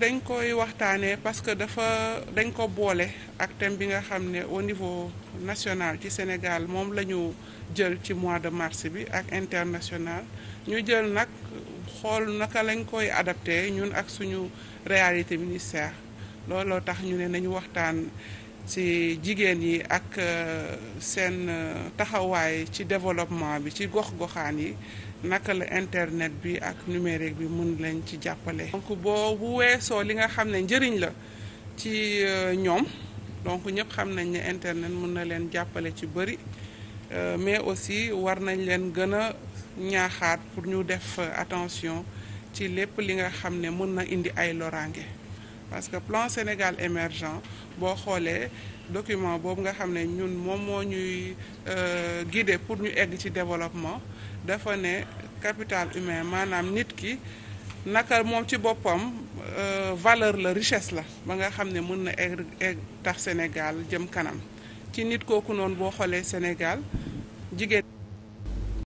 dañ koy waxtaanee parce que dafa dañ ko boole ak thème bi nga xam ne au niveau national ci Sénégal moom la ñu jël ci mois de mars bi ak international ñu jël nag xool naka lañ koy adapté ñun ak suñu réalité ministère looloo tax ñu ne nañu waxtaan ci jigéen yi ak euh, seen euh, taxawaay ci développement bi ci gox-goxaan yi naka la internet bi ak numérique bi mun leen ci jàppale. donc boo weesoo li nga xam ne njëriñ la ci euh, ñoom donc ñëpp xam nañ ne internet mun na leen jàppale ci bëri mais aussi war nañ leen gën a ñaaxaat pour ñu def attention ci lépp li nga xam ne mun na indi ay loraange. parce que plan Sénégal émergent boo xoolee document boobu nga xam ne ñun moom moo ñuy euh, guider pour ñu egg ci développement dafa ne capital humain maanaam nit ki naka moom ci boppam euh, valeur la richesse la ba nga xam ne mën na egg egg tax Sénégal jëm kanam ci nit kooku noonu boo xoolee Sénégal jigéen